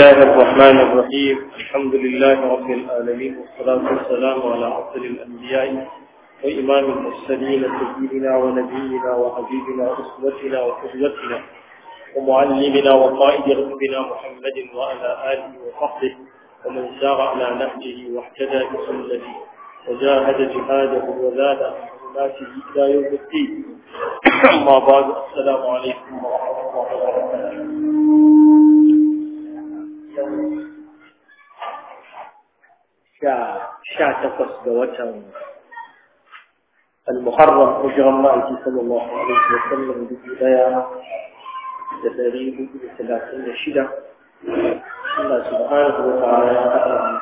الله الرحمن الرحيم الحمد لله رب العالمين والصلاة والسلام على أفضل الأنبياء وإمام المرسلين سيدنا ونبينا وحبيبنا وأسوتنا وقدوتنا ومعلمنا وقائد ربنا محمد وعلى آله وصحبه ومن سار على نهجه واحتدى بسنته وجاهد جهاده وزاد حسناته إلى يوم الدين أما بعد السلام عليكم ورحمة الله وبركاته المحرم أجر الله صلى الله عليه وسلم بجدايا تدريب ثلاثين شدة الله سبحانه وتعالى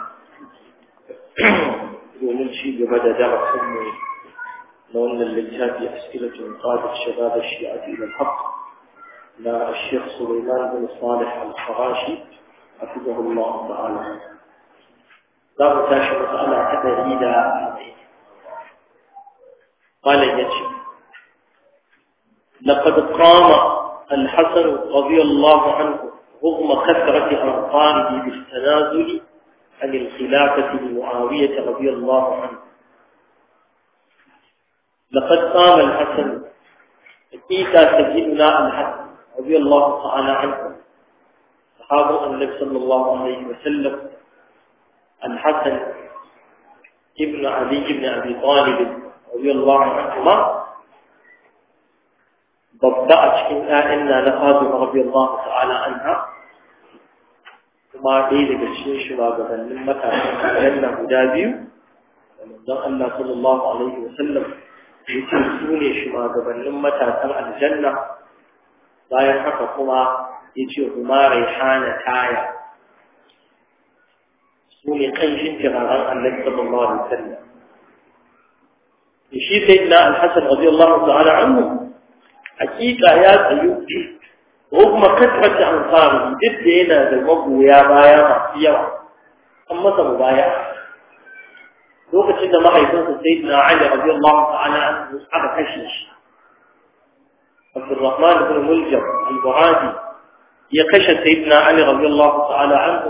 يومن شيء بدا درس أمي أن اللجهات أسئلة قادة شباب الشيعة إلى الحق لا الشيخ سليمان بن صالح الخراشي حفظه الله تعالى تاشر شرط على إلى قال يجي لقد قام الحسن رضي الله عنه رغم كثرة أنصاره بالتنازل عن الخلافة لمعاوية رضي الله عنه لقد قام الحسن أتيت سيدنا الحسن رضي الله تعالى عنه أصحابه النبي صلى الله عليه وسلم الحسن ابن علي بن أبي طالب رضي الله عنهما ضبعت إن أئنا لخادم رضي الله تعالى عنها ثم أعيد بشيء شبابا من متى أن مدابي ومن أن صلى الله عليه وسلم يتلسوني شبابا من متى أن الجنة لا يحقق yace kuma raihana taya su ne kanshin turaren annabi sallallahu alaihi wasallam shi sai na al-hasan radiyallahu ta'ala anhu hakika ya tsayu kuma katrata ansari duk da yana da magoya baya masu yawa an masa mubaya lokacin da mahaifinsa sayyidina ali radiyallahu ta'ala anhu aka kashe shi Abdurrahman ibn Muljam al-Buhari ya kashe sayyidina ali radiyallahu ta'ala anhu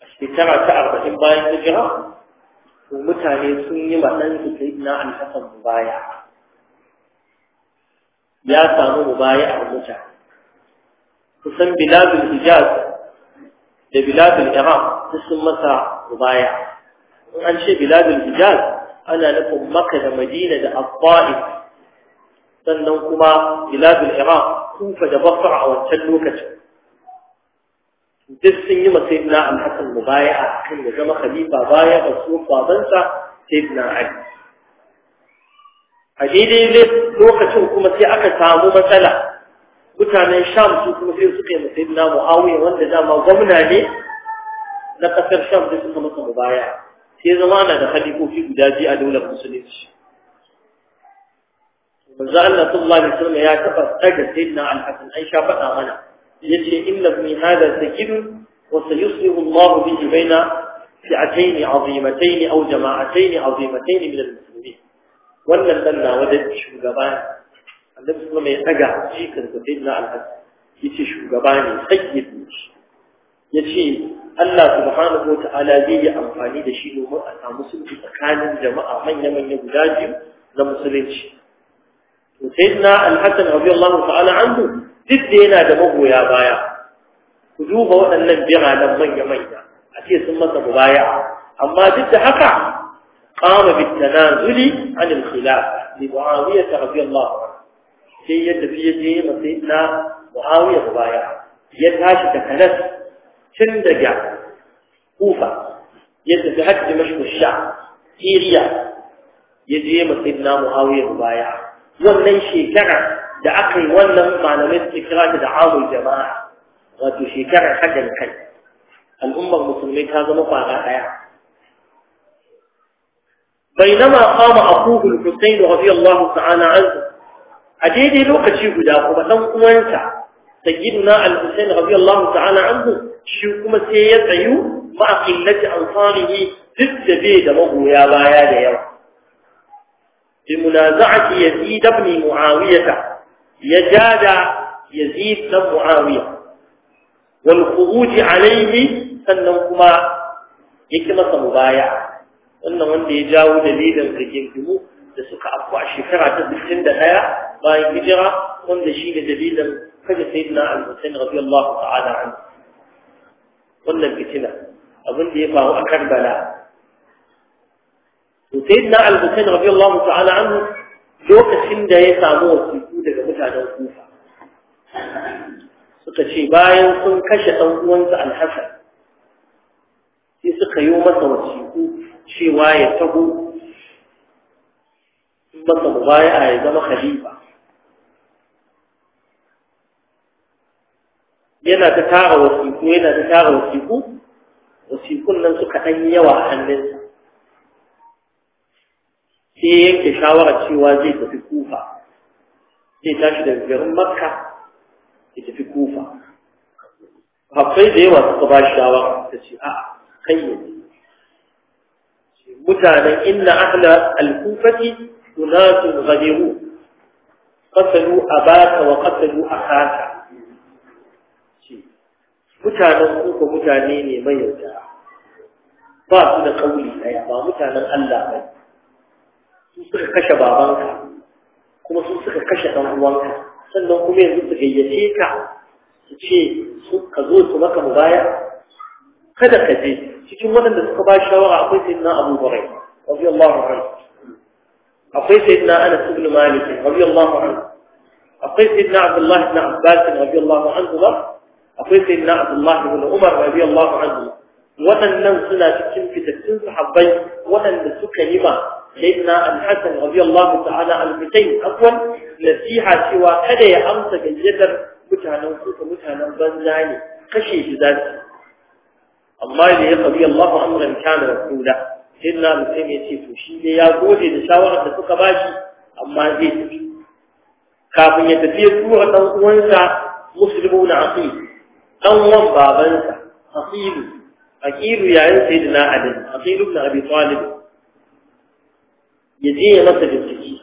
a shekara ta arba'in bayan hijira to mutane sun yi ma ɗansu sayyidina al-hasan baya. ya samu mubaya'ar mutane kusan biladul hijaz da biladul iraq su sun masa mubaya in an ce biladul hijaz ana nufin makka da madina da abba'i sannan kuma biladul iraq kufa da basra a wancan lokacin duk sun yi masai na alhassan mu baya a kan ya zama khalifa baya da su babansa sai na ali a daidai lokacin kuma sai aka samu matsala mutanen sham su kuma sai suka yi masai na mu'awiya wanda dama gwamna ne na kasar sham da suka masa mu baya sai zama na da khalifofi guda biyu a daular musulunci manzo Allah sallallahu alaihi wasallam ya taba daga sayyidina al-Hasan ai sha fada mana yace inna min hada sakin wa sayuslihu Allah bihi baina fi'atayn 'azimatayn aw jama'atayn 'azimatayn min al-muslimin wannan dan na wajen shugaba annabi sallallahu alaihi wasallam ya daga cikin sayyidina al-Hasan yace shugaba ne sayyidi yace Allah subhanahu wa ta'ala zai yi amfani da shi domin a samu tsakanin jama'a manya-manya guda biyu na musulunci وسيدنا الحسن رضي الله تعالى عنه جد هنا ده يا بايا وجوبه وأنن بيغا لمن يمين أتي ثم تبايا أما جد حقا قام بالتنازل عن الخلاف لمعاوية رضي الله عنه شيء يدفي يجي مسيدنا معاوية بايا يتعاش تكنس شندجا كوفا يتفحك دمشق الشعب سيريا يجي مسيدنا معاوية بايا wannan shekarar da aka yi wannan malamin tsikira da da'awar jama'a wato shekarar hajjar kai al'ummar musulmi ta zama kwara daya bai nama kama a kuhul kusai da Allah ta'ala an su a daidai lokaci guda kuma dan kumanta da gina al-husain rabi Allah ta'ala an su shi kuma sai ya tsayu ma'a amfani ne duk da bai da magoya baya da yawa بمنازعة يزيد بن معاوية يجاد يزيد بن معاوية والخروج عليه سنوكما يكما مبايع أنه من يجاو دليلا كجنكمو لسكا أقوى الشفرة تدخل دهايا باي هجرة من شيء دليلا فجأة سيدنا الحسين رضي الله تعالى عنه قلنا بكتنا أبن da ya أكبر بلاء to sai na al-Husayn radiyallahu ta'ala anhu lokacin da ya samu wasiku daga mutanen Kufa suka ce bayan sun kashe ɗan uwansa al-Hasan sai suka yi masa wasiku cewa ya tago masa mubaya'a ya zama khalifa yana ta tara wasiku yana ta tara wasiku wasikun nan suka ɗan yawa a hannunsa sai yanke shawara cewa zai tafi kufa zai tashi daga garin makka ya tafi kufa hafai da yawa suka ba shi shawara ta ce a'a kai ya mutanen inna ahla al-kufati unasun ghadiru qatalu bata wa qatalu akaka mutanen kuka mutane ne mai yarda ba su da kauli ɗaya ba mutanen Allah bai su suka kashe babanka kuma sun suka kashe ɗan uwanka sannan kuma yanzu su gayyace ka su ce ka zo su maka mubaya kada ka je cikin waɗanda suka ba shawara akwai sayyidina Abu rabi Hurairah radiyallahu anhu akwai sayyidina Anas ibn Malik radiyallahu anhu akwai sayyidina Abdullah na Abbas rabi radiyallahu anhu akwai sayyidina Abdullah na Umar rabi radiyallahu anhu waɗannan suna cikin fitattun sahabbai waɗanda suka yi ma sayyidina al-hasan radiyallahu ta'ala al-husayn afwan nasiha cewa kada ya amsa gayyatar mutanen kuka mutanen banza ne kashe shi za su amma da ya kabi Allahu amran kana rasula sayyidina al-husayn ya ce to shi ne ya gode da shawarar da suka bashi amma zai tafi kafin ya tafi ya tura dan uwansa na aqil dan uwan babansa asilu aqilu yayin sayyidina ali aqilu ibn abi talib yaje ya masa bincike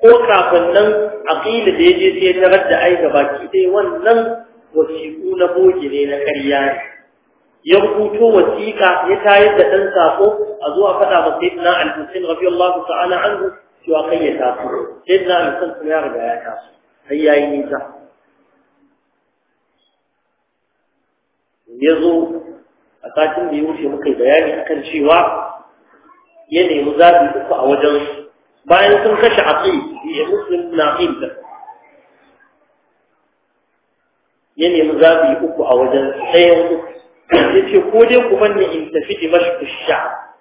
ko kafin nan aqilu da yaje sai ya radda ai baki dai wannan wasiku na boge ne na ƙarya ne ya rubuto wasiƙa ya tayar da ɗan sako a zo a faɗa ma sayyidina al-husain radiyallahu ta'ala anhu cewa kai ya taso sayyidina al-husain kuma ya riga ya taso sai yayi nisa ya zo a satin da ya wuce muka yi bayani akan cewa ya nemi zaɓi uku a wajen bayan sun kashe aƙi ya muslim na inda ya nemi zaɓi uku a wajen ɗayan uku ya ce ko dai ku ne in tafi da mashi sha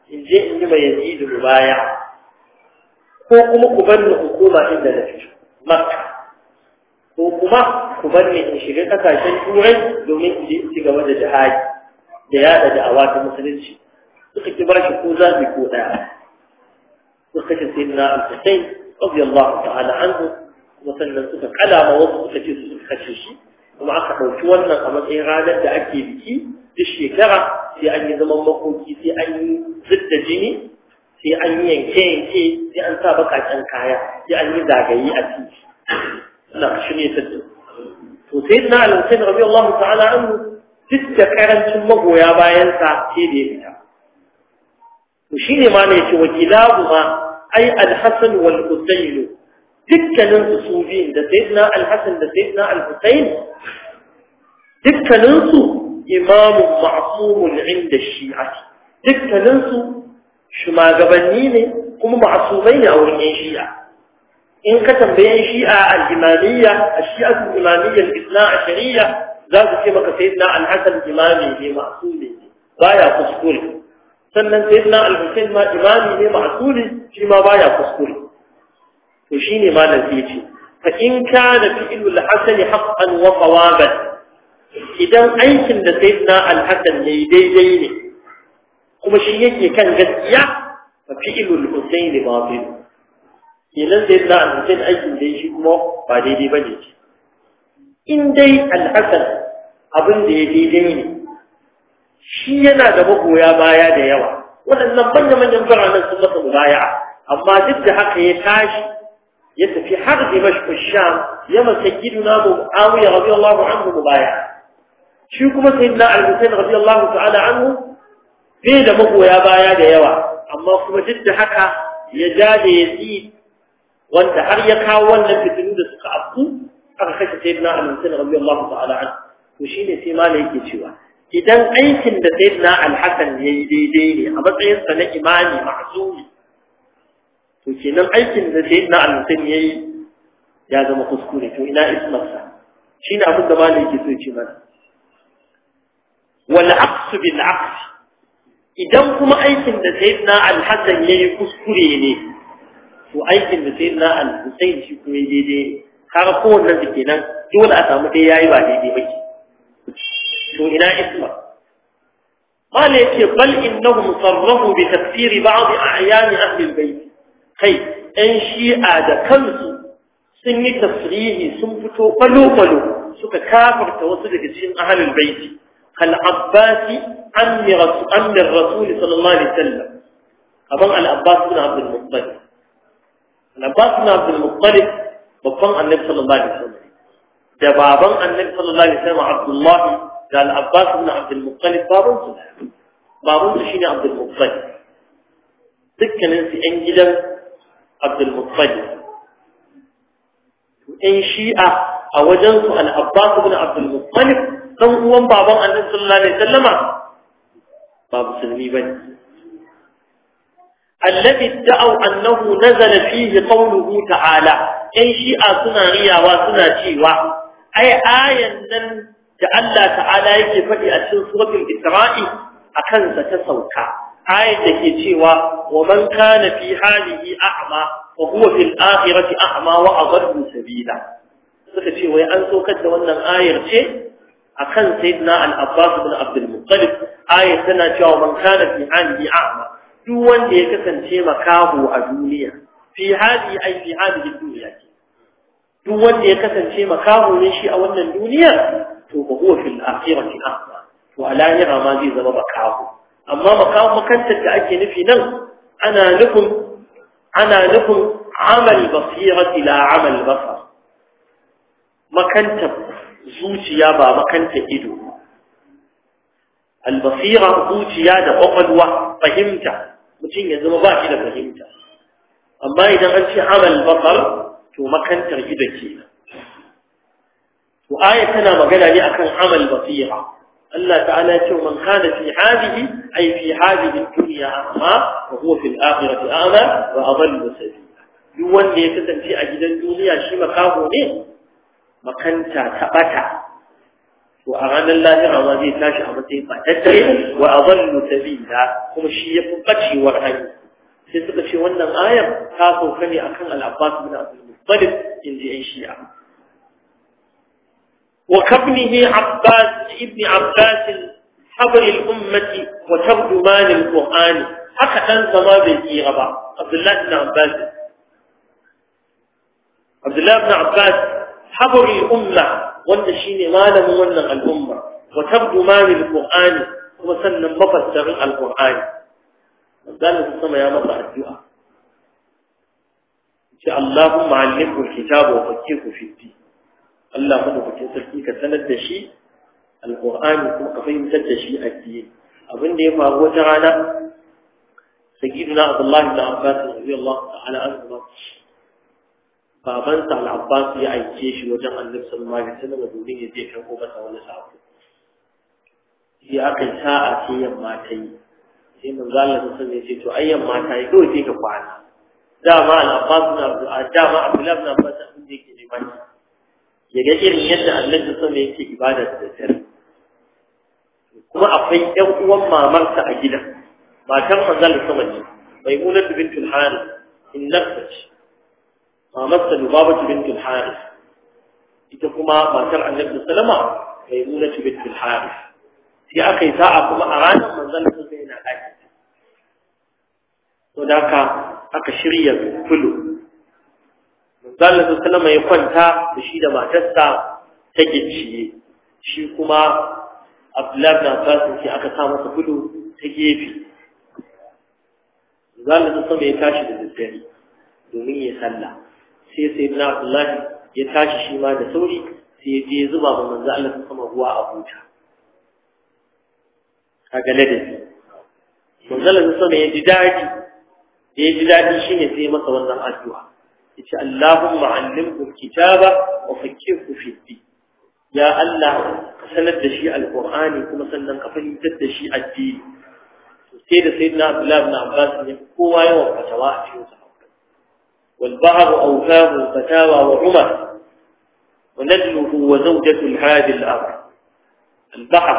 in je in yi mai da baya ko kuma ku banni hukuma inda na fito makka ko kuma ku ni in shiga ƙasashen turai domin in je in ci gaba da jihadi da ya yada da'awa ta musulunci suka ki barshi ko zabi ko daya suka kashe sayyidina al-Husayn radiyallahu ta'ala anhu kuma sannan suka kalama wasu suka ce su kashe shi kuma aka dauki wannan a matsayin ranar da ake biki duk shekara sai an yi zaman makoki sai an yi zidda jini sai an yi yanke yanke sai an sa bakaken kaya sai an yi zagaye a ciki ina shirye ta to sayyidina al-Husayn radiyallahu ta'ala anhu duk da karancin magoya bayansa sai da ya fita to shine ma ce yace wakilahu ma ai Alhassan hasan wal husayn dukkanin su su biyun da sayyidina al-hasan da sayyidina al-husayn dukkanin su imamun ma'sumun inda shi'ati dukkanin su shumagabanni ne kuma ma'sumai ne a wurin yan shi'a in ka tambaye shi'a al-imamiyya a shia al-imamiyya al-ithna Shari'a? za su ce maka sayyidina al-hasan imami ne ma'suli ne baya kuskure sannan sayyidina al-husayn ma imami ne ma'suli shi ma baya kuskure to shine malam sai ce fa in kana fi'lul hasani haqqan wa qawaban idan aikin da sayyidina al-hasan ne daidai ne kuma shi yake kan gaskiya fa fi'lul husayn batil kenan sayyidina al-husayn aikin da shi kuma ba daidai bane in dai alhassan abin da ya daidai ne shi yana da magoya baya da yawa waɗannan manya-manyan biranen sun masa mubaya amma duk da haka ya tashi ya tafi har dimashku sham ya masa rabi mu'awiya an anhu baya. shi kuma sayyidina al rabi radiyallahu ta'ala anhu bai da magoya baya da yawa amma kuma duk da haka ya ja da yazid wanda har ya kawo wannan fitilun da suka afku aka kashe sayyidina al-hasan radiyallahu ta'ala an to shine sai malai yake cewa idan aikin da sayyidina al-hasan yayi daidai ne a matsayin sa na imani ma'sumi to kenan aikin da sayyidina al-hasan yayi ya zama kuskure to ina ismarsa shine abin da malai yake so ya ce mana wal aqsu bil aqsi idan kuma aikin da sayyidina al-hasan yayi kuskure ne to aikin da sayyidina al-husayn shi kuma daidai kaga kowannen su kenan dole a samu dai yayi ba daidai ba to ina isma قال يكي بل إنهم صرفوا بتفسير بعض أعيان أهل البيت كي أنشي آدى كمس سن تفريه سنفتو قلو قلو سك كافر توصل جسين أهل البيت كالعباس عم, عم الرسول صلى الله عليه وسلم أمام العباس بن عبد المطلب العباس بن عبد المطلب babban annabi sallallahu alaihi wasallam da baban annabi sallallahu alaihi wasallam Abdullah da al-Abbas ibn Abdul baban su baban su shine Abdul Muttalib dukkanin su ƴan gidan Abdul Muttalib to ƴan Shi'a a wajen su al-Abbas ibn Abdul Muttalib dan uwan baban annabi sallallahu alaihi wasallama ba musulmi bane الذي ادعوا أنه نزل فيه قوله تعالى ‘yan shi'a suna riyawa suna cewa ai ayan nan da Allah ta'ala yake faɗi a cikin suratul Isra'i a kansa ta sauka ayan da ke cewa wa man kana fi halihi a'ma wa huwa fil akhirati a'ma wa adallu sabila suka ce wai an saukar da wannan ayar ce akan sayyidina al-Abbas ibn Abdul Muttalib tana cewa man kana fi halihi a'ma duk wanda ya kasance makaho a duniya fi hadi ai fi hadi duniya ce duk wanda ya kasance makaho ne shi a wannan duniyar to ba huwa fil akhirati ahma to a lahira ma zai zama makaho amma makaho makantar da ake nufi nan ana nufin ana nufin amal Basira la amal basar makantar zuciya ba makanta ido albasira zuciya da kwakwalwa fahimta mutum ya zama ba shi da fahimta amma idan an ce amal basar to makantar ido ke! to aya tana magana ne akan amal basira Allah ta'ala ya ce man kana fi hadihi ay fi hadihi dunya amma wa huwa fil akhirati a'ma wa adallu sabila duk wanda ya kasance a gidan duniya shi makaho ne makanta ta bata to a ranar lahira ma zai tashi a matsayin batacce wa adallu sabila kuma shi ya fi bacewar hanya sai suka ce wannan ayar ta sauka ne akan al bin Abdul Muttalib in ji ai shi'a wa ibn Abbas habr al-ummati wa al-Qur'an haka dan zama bai tsira ba Abdullahi ibn Abbas Abdullahi ibn Abbas habr al-umma wanda shine malamin wannan al'umma wa al kuma sannan mafassarin al-Qur'ani zan sama ya masa addu'a ce Allahumma allimhu alkitaba wa faqihu fi din Allah madaukakin sarki ka sanar da shi alqur'ani kuma ka fahimtar da shi addini abin da ya faru wata rana sayyidina Abdullah ibn Abbas radiyallahu ta'ala anhu babansa al-Abbas ya aike shi wajen Annabi sallallahu alaihi wasallam domin ya je karɓo masa wani sabo. shi aka sa'a ce yamma ta yi sai manzo Allah sun sanya ce to ayyan mata yi kawai sai ka kwana dama al-Abbas na ah, dama Abdullah na Abbas sun je ke neman Yaga irin yadda Allah ta sanya yake ibada da tsare kuma akwai ƴan uwan mamarsa a gidan matan manzo Allah sama ne Maimuna bintul Harith in nafsace mamarsa Lubaba bintul Harith ita kuma matar Annabi sallama Maimuna bintul Harith sai aka yi sa'a kuma a ranar manzon Allah sai yana to da haka aka shirya fulu manzala sallama ya kwanta da shi da matarsa ta gicciye shi kuma abdullahi na fasin shi aka sa masa fulu ta gefe sun sallama ya tashi da daddare domin ya salla, sai sai na abdullahi ya tashi shi ma da sauri sai ya je zuba ba manzo Allah sama ruwa a buta da shi manzo Allah sama ya ji daɗi da ya ji daɗi shi ne sai masa wannan addu'a ya ce Allahumma allimhu kitaba wa fakkirhu fi din ya Allah ka sanar da shi alqur'ani kuma sannan ka fahimtar da shi addini sai da sayyidina Abdullah ibn Abbas ne kowa yawan fatawa a cikin sahabbai wal ba'd awfahu fatawa wa umar wa najluhu wa zawjatu al-hadi al-amr al-bahr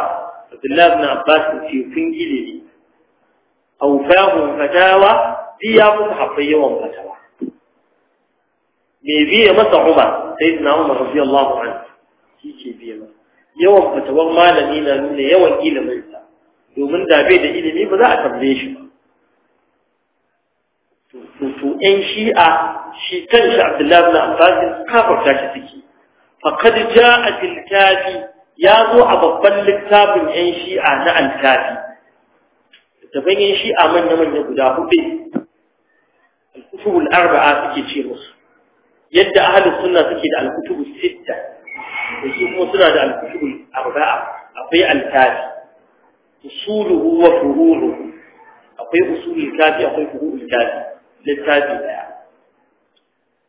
Abdullah ibn Abbas fi fingili awfahu fatawa iya musu haɓɓai yawan fatawa me biya masa umar sai na umar radiyallahu anhu shi ke biye yawan fatawar malami na nuna yawan iliminsa domin da bai da ilimi ba za a tambaye shi ba to ƴan shi'a shi kan shi abdullahi bin abbas kafarta shi suke Fakad ja a kafi ya zo a babban littafin ƴan shi'a na al-kafi da shi'a manya manya guda hudu الكتب الأربعة تكي تيروس يد أهل السنة في دع الكتب الستة يجب مصنع دع الكتب الأربعة أقي الكافي أصوله وفروعه أقي أصول الكافي أقي فروه الكافي للكافي لا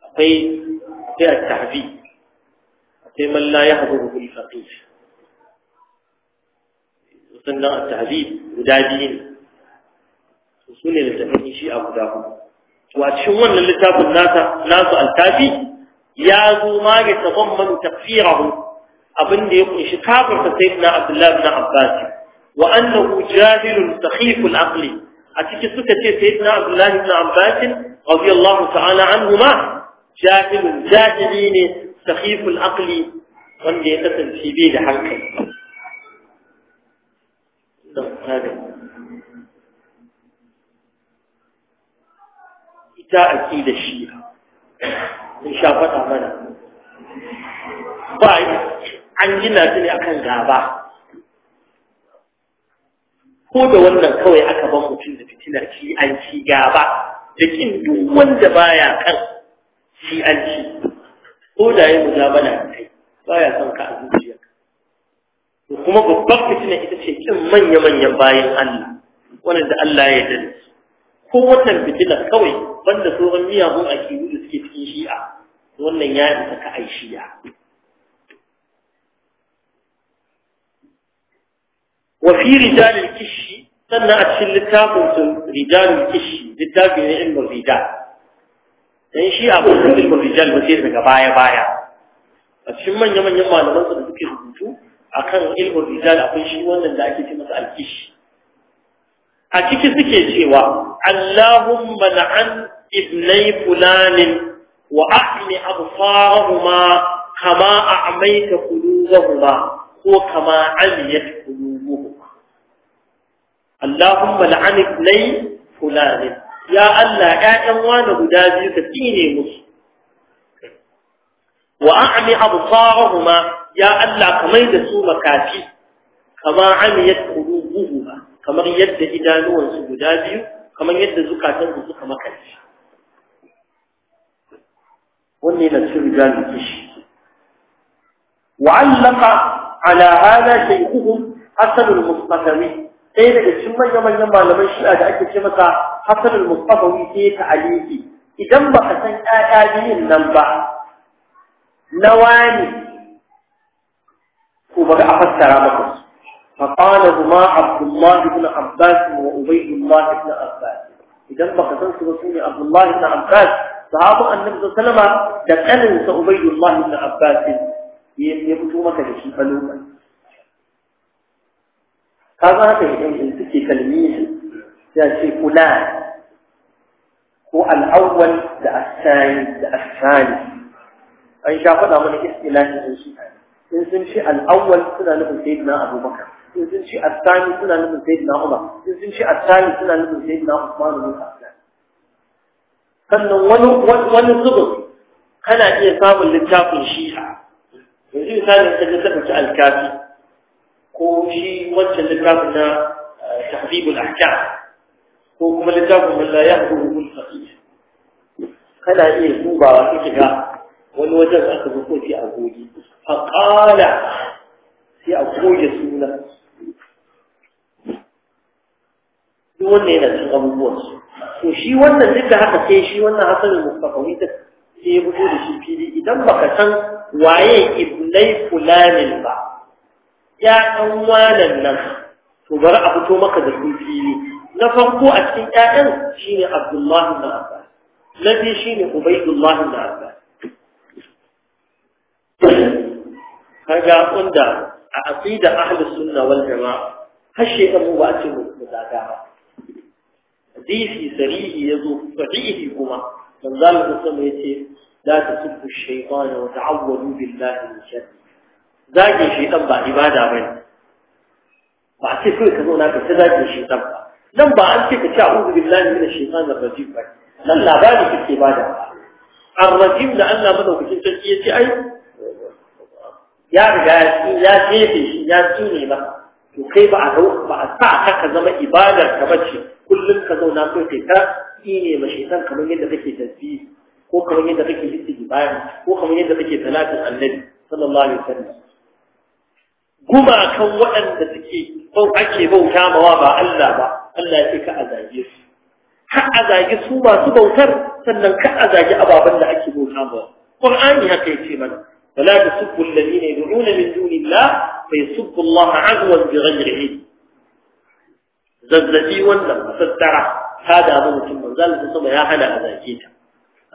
أقي أقي التعذيب أقي من لا يحضر بالفقيه يصنع التعذيب ودادين وصولي لتفنشي أبو داخل to a wannan littafin nasa nasu altafi ya zo ma ya tazammanu tafsirahu abin abinda ya kunshi kafirta sayyidina abdullahi ibn abbas wa annahu jahilun sakhif aqli, a cikin suka ce sai sayyidina abdullahi ibn abbas radiyallahu ta'ala anhuma jahilun jahili ne sakhif aqli, wanda ya kasance bai da hankali ta shi shi'a in sha faɗa mana ba an gina su ne akan gaba ko da wannan kawai aka ban mutum da fitinar shi an ci gaba da kin duk wanda baya kan shi an ci ko da yayi mujabala kai baya son ka a zuciya kuma babbar fitina ita ce kin manya-manyan bayan Allah wannan da Allah ya yarda ko wannan bidila kawai banda sauran miyagun akidu da suke cikin shi'a wannan ya isa ka ai shi'a wa fi rijalil kishi sannan a cikin littafin sun rijalil kishi littafin ne ilmin rija dan shi'a ba san ilmin rijal ba sai daga baya baya a cikin manya-manyan malaman da suke rubutu akan ilmin rijal akwai shi wannan da ake ce masa alkishi a ciki suke cewa Allahumma la'an ibnai fulanin wa ahmi absarahuma kama a'maita qulubuhuma ko kama aliyat qulubuhuma Allahumma la'an ibnai fulanin ya Allah ƴaƴan wani guda biyu ka tsine musu wa a'mi absarahuma ya Allah kamai da su makafi kama aliyat qulubuhuma kamar yadda idanuwansu guda biyu kamar yadda zukatansu suka makanci wannan yana cikin rijalin kishi وعلق على هذا شيخهم حسن المصطفوي sai daga cikin manya-manyan malaman shi'a da ake ce masa hasan al-mustafawi sai ta aliki idan baka san ƴaƴa biyun nan ba na wani ko bari a fassara maka su فقال فقالهما عبد الله بن عباس وأبي الله بن عباس إذا ما قتلت رسولي عبد الله بن عباس صحابة النبي صلى الله عليه وسلم دقنس أبي الله بن عباس يبدو ما شيء فلوما هذا هذا يجب أن كلميه يأتي فلان هو الأول الثاني الثاني أي شاء الله من إختلاف الشيء إن سمشي الأول سنة سيدنا أبو بكر in sun ci asani suna nufin sai na umar in sun ci asani suna nufin sai na usman bin affan sannan wani wani zubin kana iya samun littafin shi'a yanzu misali ka ga saka ci alkafi ko shi wancan littafin na eh, tahribul ahkam ko kuma littafin man la yahduru bil faqih kana iya dubawa kike ga wani wajen aka zo ko a goge faqala sai a goge sunan duk wannan yana cin abubuwan su to shi wannan duk da haka sai shi wannan hasan mustafawi da sai ya fito da shi fili idan baka san waye ibnai fulanin ba ya dan wanan nan to bari a fito maka da su fili na farko a cikin ƴaƴan shine Abdullahi na Abbas na biyu shine Ubaydullah ibn Abbas kaga wanda a asida ahlus sunna wal jamaa har shekaru ba a ce mu da dama hadisi sarihi yazo sahihi kuma manzo Allah sama yace ta tasubbu shaytana wa ta'awwadu billahi min sharri zage shi shaytan ba ibada bane ba ce kai ka zo na ka ta zage shaytan ba nan ba an ce ka ci a'udhu billahi min shaytanir rajim ba nan labari kike bada ar-rajim da Allah madaukakin sarki yace ai ya riga ya jefe shi ya tsune ba to kai ba a ba a sa ka zama ibadar ka bace kullum ka zauna kai kai ta ne ma shaitan kamar yadda kake tasbihi ko kamar yadda kake istighfar ko kamar yadda kake talatin annabi sallallahu alaihi wasallam kan waɗanda suke bau ake bauta mawa ba Allah ba Allah ya ce ka azage su har azage su masu bautar sannan ka azage ababen da ake bauta mawa Qur'ani haka yace mana wala tasubbu alladhina yad'una min dunillah fa yasubbu Allah 'adwan bighayri ilm zazzabi wannan fassara ta damu mutum manzo Allah sama ya hana a zake ta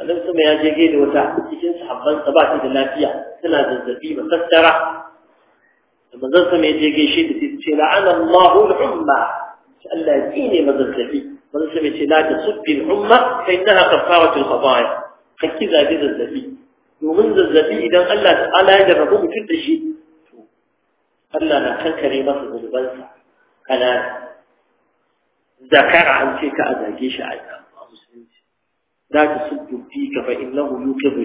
Allah sama ya je gaida wata cikin sahabban sa ba ta da lafiya tana zazzabi masassara da manzo sama ya je gaishe da ta ce la'ana Allahu al-umma Allah ya tsine mazazzabi manzo sama ya ce la tasubbi al-umma fa innaha kafaratu al-khataaya zabi zazzabi domin zazzabi idan Allah ta'ala ya jarrabu mutum da shi Allah na kankare masa zunubansa kana zakara an ce ka a zage shi a musulunci za ka subbu fi ka fa innahu yuqidu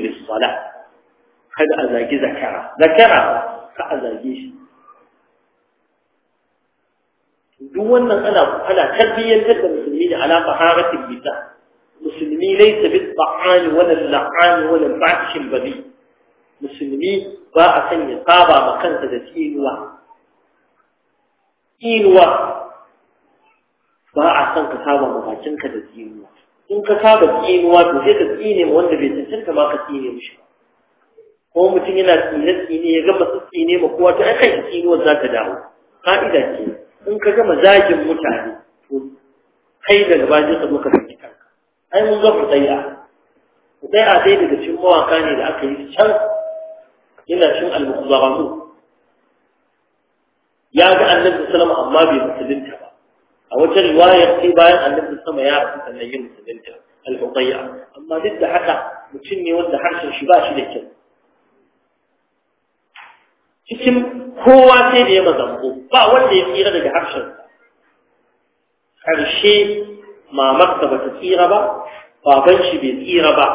kada a zage zakara zakara ka a zage shi duk wannan ana ana tarbiyyantar da musulmi da ala faharatin bisa musulmi laysa bil ta'ani wala la'ani musulmi ba a sanya saba ma kansa da tsinuwa ba a san ka saba mabacinka da tsinuwa in ka saba tsinuwa to sai ka tsine wanda bai cancanta ba ka tsine mishi ko mutum yana tsine tsine ya gama su tsine ma kowa to akan tsinuwa za ta dawo ka'ida ce in ka gama zagin mutane to kai daga bayan ka muka saki kanka ai mun tsaya ku tsaya dai daga cikin mawaka ne da aka yi can ina cikin al-mukhzaramu ya ga annabi sallallahu alaihi wasallam amma bai musulunta a wajen riwaya sai bayan annabi sama ya rasu sannan yin musulunta al huqayya amma duk da haka mutum ne wanda harshen shi ba shi da kyau cikin kowa sai da ya mazambo ba wanda ya tsira daga harshen Harshe mamarsa ba ta tsira ba baban shi bai tsira ba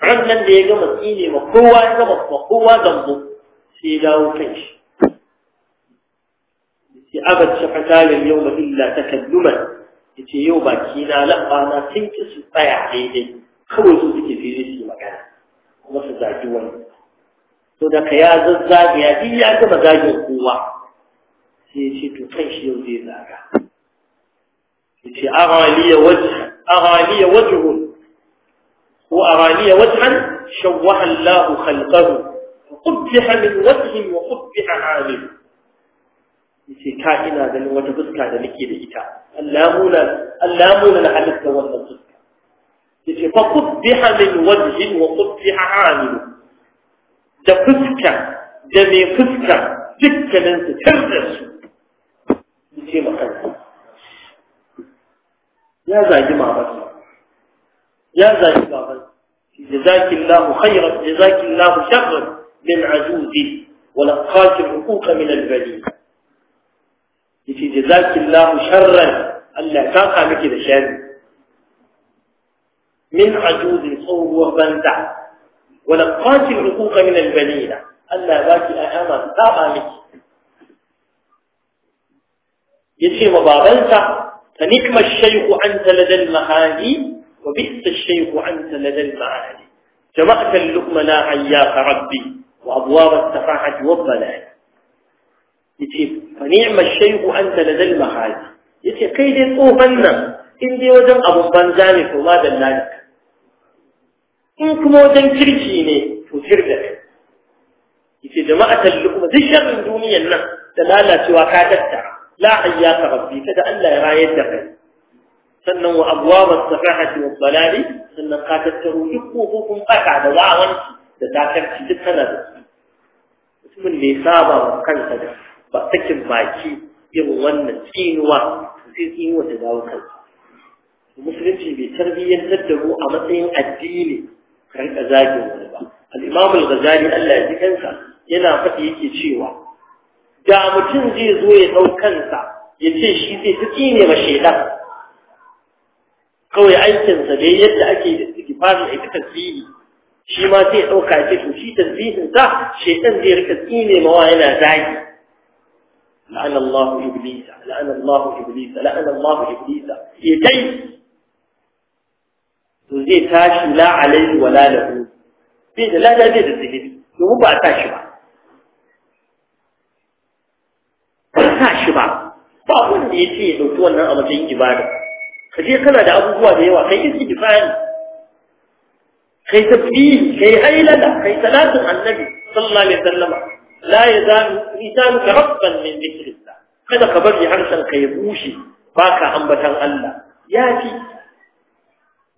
ran nan da ya gama tsine ma kowa ya gama kowa zambo sai ya dawo kan shi أبد شفتاي اليوم إلا تكلما يتي يوبا كينا لقانا تنكس الطيع عيدي kawai su suke fere su yi magana kuma su zagi wani to da ka ya zazzagi ya ji ya gama zagin kowa sai ya ce to kan shi yau zai zaga ya ce araliya wajhun ko araliya wajhan shawwaha Allahu khalqahu qubbiha min wajhin wa qubbiha alihi yace ka ina ganin wata fuska da nake da ita allamuna allamuna halitta wannan fuska yace fa qubbiha min wajhin wa qubbiha amil da fuska da mai fuska dukkanin su tarda su yace maka ya zagi mamansa ya zagi babansa جزاك الله خيرا جزاك الله شرا من عجوز ولقاك الحقوق من البليد جزاك الله شرا ألا كاقع مكي ذا من عجوز صوب وبندع ولقات العقوق من البنين ألا ذاك أهاما تاقى مكي يتي مبابلتا فنكم الشيخ أنت لدى المهاني وبئس الشيخ أنت لدى المعاني جمعت اللقم لا عياك ربي وأبواب السفاحة والضلال يتي فنعم الشيخ أنت لدى المخالف يتي قيد او بنا إن دي وزن أبو بنزاني فما دلالك إن كم وزن كرشيني فتر لك يتي دماء تلقم زشر من دوني النه دلالة وكاتتها لا حياك ربي كذا أن لا يرى يدك سنو أبواب الصفاحة والضلال سنو قاتته يقوفكم قطع دواعا تتاكر في تتنبس ثم اللي صابر كان تدفع ba sakin baki irin wannan tsinuwa sai tsinuwa ta dawo kansa musulunci bai tarbiyyantar da mu a matsayin addini kan kazagin wani ba al-imam Allah ya ji kansa yana faɗi yake cewa da mutum zai zo ya dau kansa ya ce shi zai ta tsine ma shedan kawai aikinsa dai yadda ake da istighfar da ita tasbihi shi ma sai ya dauka ce to shi tasbihin sa shedan zai rika tsine ma yana zagi la'ana Allah iblis la'ana Allah iblis la'ana Allah iblis ya tashi la wala lahu bai da lada da zikiri domin ba a tashi ba ba a tashi ba ba wanda ya ce ya ɗauki a matsayin ibada ka je kana da abubuwa da yawa kai isi ibadi kai tafiyi kai hailala kai salatin annabi sallallahu alaihi wasallam la kada ka bari harshen ka ya bushe baka ambatan Allah ya fi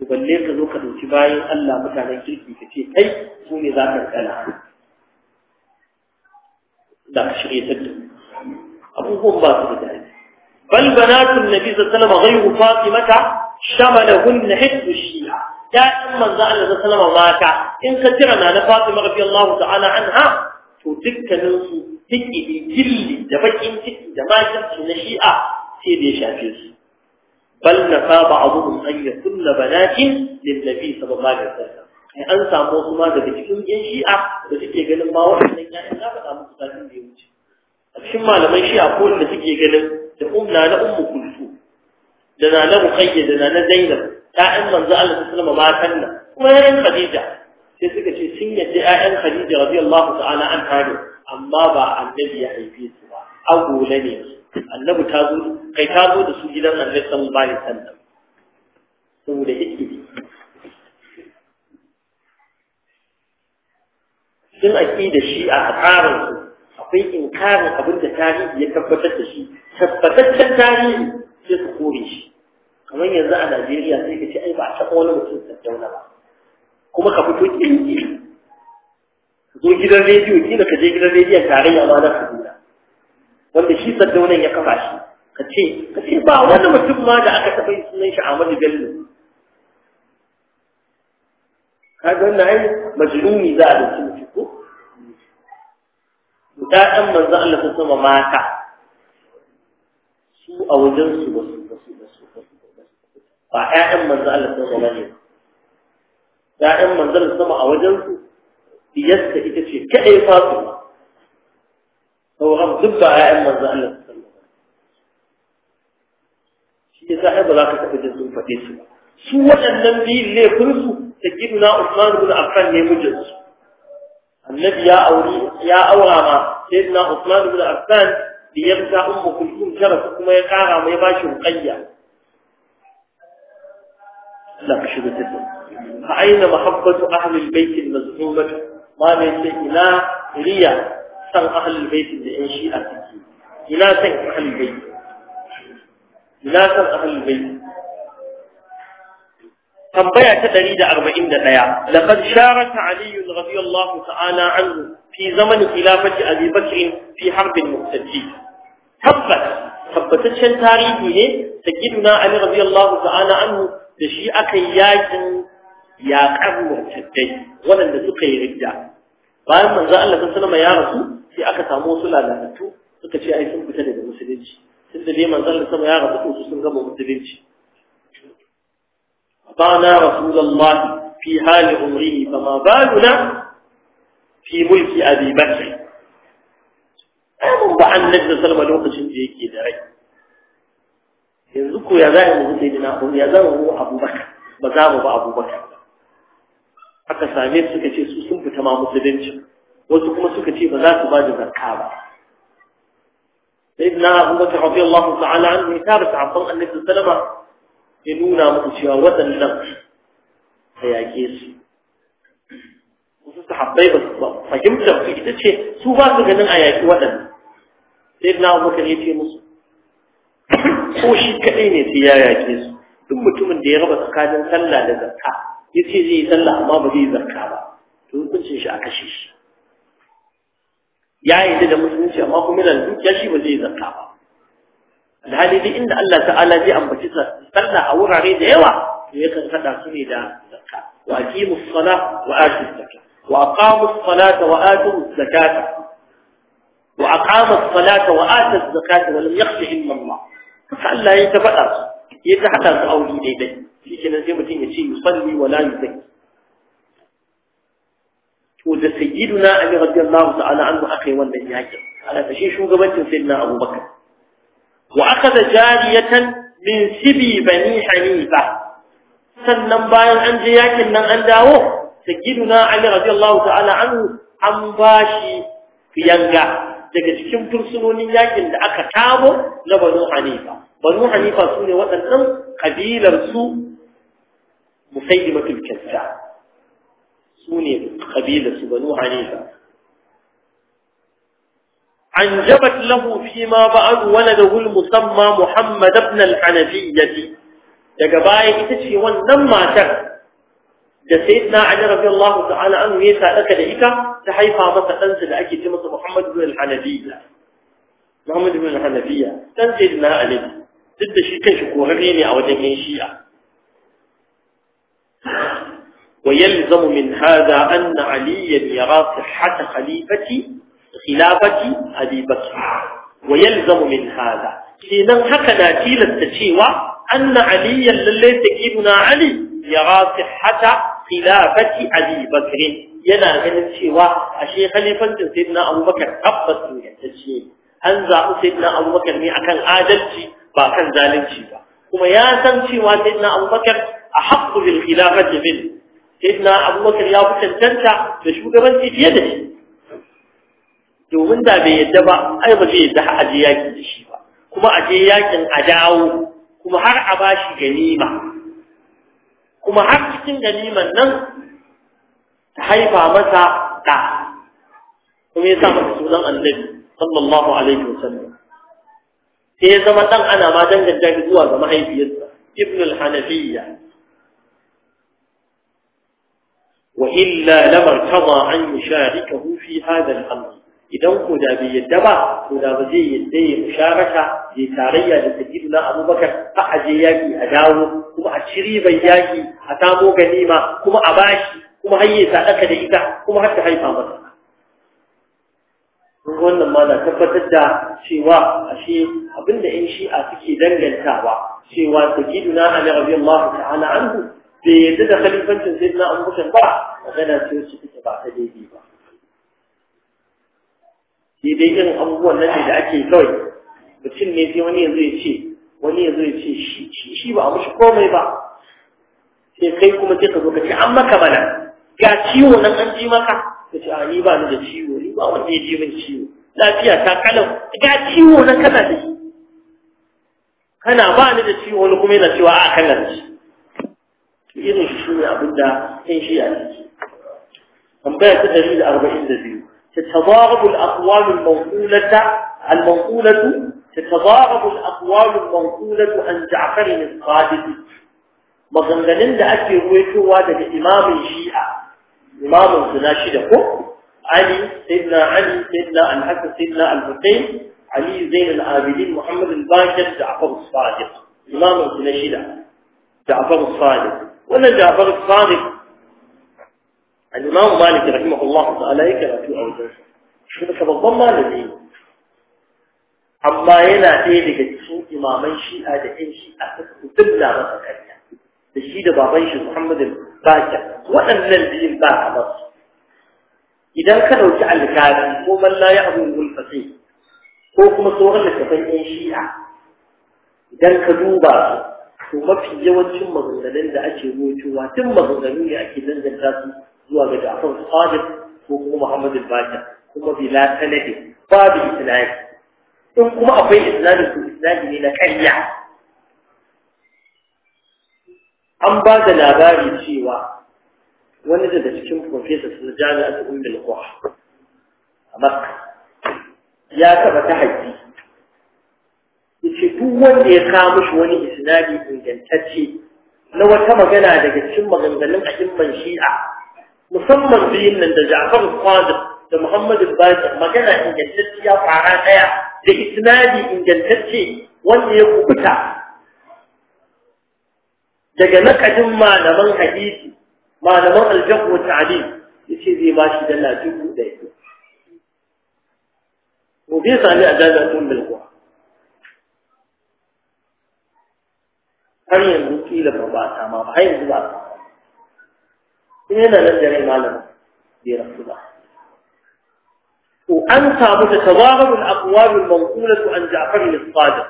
balle ka zo ka dauki bayan Allah mutanen kirki ka ce kai su ne za ka kala da ka shirye ta abubuwan ba su da shi bal banatun nabi sallallahu alaihi wasallam ghayru fatimata shamalahun hiddu shi'a ya'in manzo Allah sallallahu alaihi wasallam mata in ka tira na na fatima radiyallahu ta'ala anha to dukkanin su fiƙi jilli da bakin ciki da makinci na shi'a sai da ya shafe su bal na saba abubuwan an ya kunna banatin lillabi sallallahu alaihi wasallam ai an samu wasu ma daga cikin yan shi'a da suke ganin ma waɗannan ƴaƴan za ka samu kusatin da ya wuce a cikin malaman shi'a ko wanda suke ganin da umna na ummu kulsu da na na ruqayya da na na zainab ƴaƴan manzo Allah sallallahu alaihi wasallam matan nan kuma ƴaƴan Khadija sai suka ce sun yadda ƴaƴan Khadija radiyallahu ta'ala an tare amma ba annabi ya haife su ba agole ne annabi ta zo kai ta zo da su gidan annabi sallallahu alaihi wasallam saboda yake sun da shi a tsarin su akwai inkarin abin da tarihi ya tabbatar da shi tabbataccen tarihi sai su kore shi kamar yanzu a Najeriya sai ka ce ai ba a taɓa wani mutum tattauna ba kuma ka fito kinki zo gidan rediyo da ka je gidan rediyon tarayya ma na kaduna wanda shi wannan ya kafa shi ka ce ka ce ba wani mutum ma da aka taɓa yi sunan shi Ahmadu Bello ka ga wannan ai majlumi za a dauki mutum ko ɗaɗan manzo Allah ta sama mata su a wajen su ba su ba su ba su ba ƴaƴan manzo Allah ta sama ne ƴaƴan manzo Allah sama a wajen su يسك إتفي كأي فاطمة هو غم زبع أعلم الزهنة شيء صاحب لا تتفي جزم فتيسة سوى النبي اللي يخلصه تجيبنا عثمان بن عفان يمجز النبي يا أولي يا أولاما سيدنا عثمان بن عفان ليبسى أم كلكم شرف كما يقارع ما يباشر قيا لا بشدة الدم فأين محبة أهل البيت المزعومة ma mai ce ina riya san ahlul bait da yan a ciki? ina san ahlul bait ina san ahlul bait tambaya ta 141 laqad sharaka ali radiyallahu ta'ala anhu fi zaman khilafati abi bakr fi harbin al-muqtadi tabbat tabbataccen tarihi ne sayyiduna ali radiyallahu ta'ala anhu da shi aka yakin ya karwa taddai waɗanda suka yi ridda bayan manzo Allah sallallahu alaihi ya rasu sai aka samu wasu lalatu, suka ce ai sun fita daga musulunci Tunda da dai manzo Allah sallallahu ya rasu su sun gama musulunci bana rasulullah fi hali umrihi fama baluna fi mulki abi bakr ai ba annabi sallallahu alaihi lokacin da yake da rai yanzu ko ya zai mu sai dina ko ya zai mu abubakar ba za mu ba abubakar aka same su suka ce su sun fita ma musulunci wasu kuma suka ce ba za su ba da zakka ba sayyidina Bakar radiyallahu ta'ala an ne tare sahabban annabi sallama ya nuna muku cewa waɗannan hayake su wasu sahabbai ba su fahimtar su ita ce su ba su ganin a yaƙi waɗannan sayyidina abubakar ya ce musu ko shi kaɗai ne sai ya yaƙe su duk mutumin da ya raba tsakanin sallah da zakka ya ce zai yi sallah amma ba zai yi zakka ba to hukuncin shi a kashe shi ya yi da musulunci amma kuma yana dukiya shi ba zai yi zakka ba alhali duk inda Allah ta'ala zai ambaci sallah a wurare da yawa to ya kan kada su ne da zakka wa aqimus sala wa atuz zakka wa aqamus salata wa atuz zakata wa aqamus salata wa atuz zakata wa lam yakhsha illa Allah haka Allah ya ta faɗa ya ta hada su auri daidai shikenan sai mutum ya ce yusalli wa la yuzakki to da sayyiduna ali radiyallahu ta'ala anhu akai wannan yakin ala shi shugabancin sayyidina abubakar wa akhadha jariyatan min sibi bani hanifa sannan bayan an je yakin nan an dawo sayyiduna ali radiyallahu ta'ala anhu an bashi fiyanga daga cikin fursunonin yakin da aka tabo na banu hanifa banu hanifa su ne waɗannan kabilar su مسيلمة الكذاب سوني قبيلة بنو حنيفة أنجبت له فيما بعد ولده المسمى محمد بن الحنفية يقبائي تتفي ونما تر جسيدنا عن رضي الله تعالى عنه يسألك لك تحيفها فتنزل أكيد جمس محمد بن الحنفية محمد بن الحنفية تنزلنا عليك ضد شيء كشكو غريني أو دمين شيئا ويلزم من هذا أن عليا يرى صحة خليفة خلافة أبي بكر ويلزم من هذا حين هكذا تيل التشيوى أن عليا للي سيدنا علي يرى صحة خلافة أبي بكر yana ganin cewa ashe khalifancin sayyidina Abubakar tabbas ingantacce an zaɓi sayyidina Abubakar ne akan adalci ba kan zalunci ba kuma ya san cewa sayyidina Abubakar a haqqu bil sayyidina abubakar ya fi cancanta da shugabanci fiye da shi domin da bai yadda ba ai ba zai yadda a je yakin da shi ba kuma a je yakin a dawo kuma har a ba shi ganima kuma har cikin ganiman nan ta haifa masa ɗa kuma ya sa masa sunan annabi sallallahu alaihi wasallam sai ya zama ɗan ana ma danganta zuwa ga mahaifiyarsa ibn al-hanafiyya وإلا لمن قضى أن يشاركه في هذا الأمر idan ko da bai yadda ba ko da ba zai yadda ya musharaka ya tarayya da sajidu na abubakar a aje yaki a dawo kuma a ciri bai yaki a tamo ganima kuma a bashi kuma har sadaka da ita kuma har ta haifa masa wannan ma na tabbatar da cewa ashe abinda yan shi'a suke dangantawa cewa sajidu na ali rabiyallahu ta'ala anhu bai yadda da khalifancin sai na bushe ba magana ce su fita ba ta daidai ba sai dai yin abubuwan nan ne da ake kawai mutum ne sai wani yanzu ya ce wani yanzu ya ce shi ba a mushi komai ba sai kai kuma sai ka zo ka ce an maka mana ga ciwo nan an ji maka ka ce a ni ba ni da ciwo ni ba wanda ya ji min ciwo lafiya ta kalau ga ciwo nan kana da shi kana ba ni da ciwo wani kuma yana cewa a kan shi irin shi ne abin da ɗan shi a ciki ta ɗari da arba'in da biyu ta tabarabul akwalul mawkulata al-mawkulatu ta tabarabul akwalul mawkulatu an ja'farin maganganun da ake ruwaitowa daga imamin shi'a shida ko علي سيدنا علي سيدنا الحسن سيدنا الحسين علي زين العابدين محمد الباكر جعفر الصادق إمام الخلشلة جعفر الصادق wannan Jafar Sadiq al-Imam Malik rahimahullah ta'ala yake karatu a wajen shi da babban malami amma yana ɗaya daga cikin imaman shi'a da ƴan shi'a suka fi dubla masa ƙarya da shi da baban shi Muhammad al waɗannan biyun ba a idan ka ɗauki alƙali ko man la ya abu ko kuma sauran littafan 'yan shi'a idan ka duba su to mafi yawancin maganganun da ake rubutuwa tun maganganu ne ake danganta su zuwa ga Ja'far Sadiq ko kuma Muhammad Bata kuma bila sanadi babu isnadi in kuma akwai isnadi to isnadi ne na karya. an ba da labari cewa wani daga cikin professor na jami'ar Umm al-Qura a Makka ya taba ta Hajji. yace duk wanda ya kawo mishi wani isnadi ingantacce na wata magana daga cikin maganganun a'imman shi'a musamman biyun nan da Ja'far Sadiq da Muhammad al-Baqir magana ya fara daya da isnadi ingantacce wanda ya kubuta daga nakadin malaman hadisi malaman aljahu wa ta'dil yace zai ba shi dala dubu ɗaya Mu bai sami a jami'atun bilkuwa har yanzu kila ba ba ta ma ba har yanzu ba ta sai yana nan da rai malamin bai rasu ba to an samu da tawagarul aqwalul mawqulatu an Ja'far al-Sadiq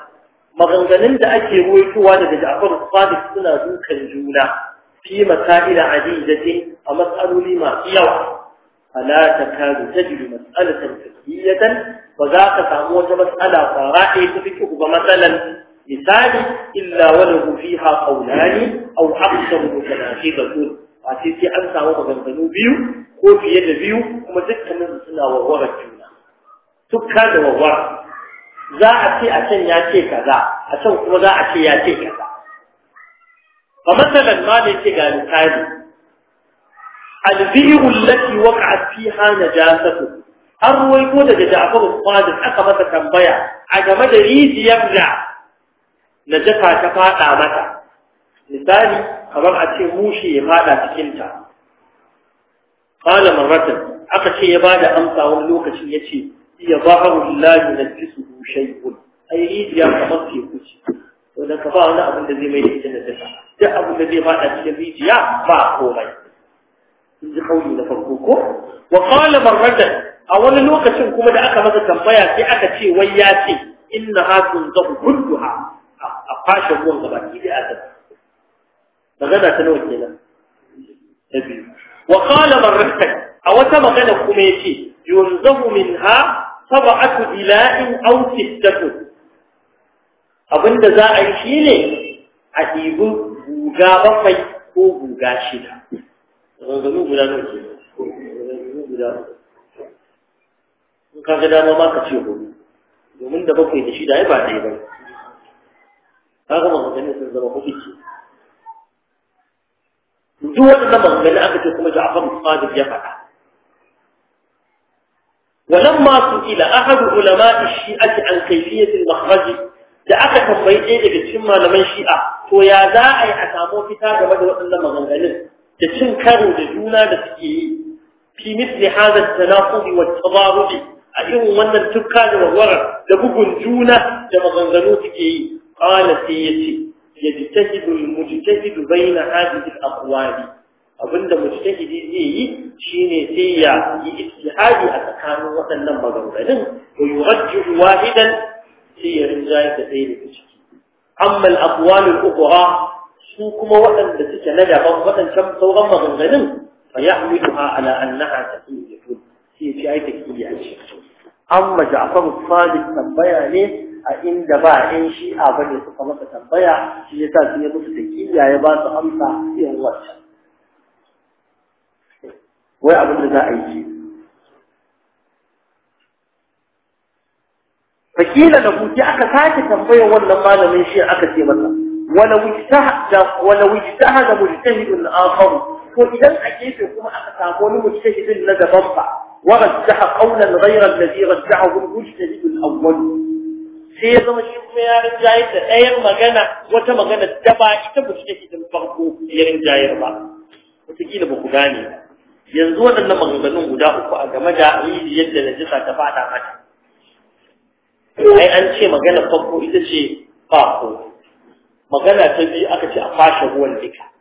maganganun da ake ruwaitowa daga Ja'far al-Sadiq suna dukan juna fi masaila ajizatin a mas'aloli masu yawa za ka samu wata فقهية وذاك سامو مسألة ku ga مثلا misali illa walahu fiha qawlani aw aqsamu thalathi dhakun a ce sai an samu maganganu biyu ko fiye da biyu kuma dukkanin su suna warware juna tukka da warware za a ce a can ya ce kaza a can kuma za a ce ya ce kaza fa masalan ma da yake ga misali al allati waqa'at fiha najasatu an ruwaito daga Ja'far al aka masa tambaya a game da rijiyar da najasa ta fada mata misali kamar a ce mushi ya fada cikin ta qala marratan aka ce ya bada amsa wani lokacin yace ya zaharu lillahi najisu shay'un ai rijiya kamar teku ce to da ka ba wani abin da zai mai da ita najasa duk abin da zai fada cikin rijiya ba komai in ji kauli na farko ko wa qala marratan a wani lokacin kuma da aka masa tambaya sai aka ce wai ya ce inna ha tunzahu kulluha kwashe ruwan gaba ki da azab magana ta nawa kenan ta biyu wa qala marratan a wata magana kuma yace yunzahu minha sab'atu ila'in aw sittatu abinda za a yi shine a dibu guga bakwai ko guga shida zanzanu guda nawa ke guda in ka ga dama ma ka ce hudu domin da bakwai da shida ai ba ɗaya ba kaga maganganun sun zama kuɗi ce duk waɗannan maganganun aka ce kuma Ja'far Sadiq ya faɗa ولما سئل أحد علماء الشيعة عن كيفية المخرج da aka tambayi ɗaya daga cikin malaman shi'a to ya za a yi a samu fita game da waɗannan maganganun da cin karo da juna da suke yi fi misli hadha tanaqubi wa a irin wannan tukka da da bugun juna da maganganu suke yi qala sai yace yajtahidu al-mujtahidu bayna hadhihi al-aqwali abinda mujtahidi zai yi shine sai ya yi ijtihadi a tsakanin waɗannan maganganun wa yurajjihu wahidan sai ya rinjaye da ɗaya daga ciki Ammal al-aqwal al-ukhra su kuma waɗanda suke na daban waɗancan sauran maganganun fa yahmiluha ala annaha taqiyatun sai ya ci ai taqiyya ce amma ja'far as-sadiq tambaya ne a inda ba yan shi'a ba ne suka masa tambaya shi ya sa su yi musu taƙiyya ya ba su amsa irin wancan wai abin da za a yi fakila da kuke aka sake tambayar wannan malamin shi aka ce masa wala wijtahada wala wijtahada mujtahidun akhar ko idan a gefe kuma aka samu wani mujtahidin na daban ba ورجح قولا غير الذي رجحه المجتهد الاول sai ya zama shi kuma ya rinjayar da ɗayan magana wata magana da ba ita ba shi take da farko ya rinjayar ba wataƙila ba ku gane yanzu waɗannan maganganun guda uku a game da rijiyar da najisa ta faɗa mata ai an ce magana farko ita ce ba ko magana ta biyu aka ce a fashe ruwan duka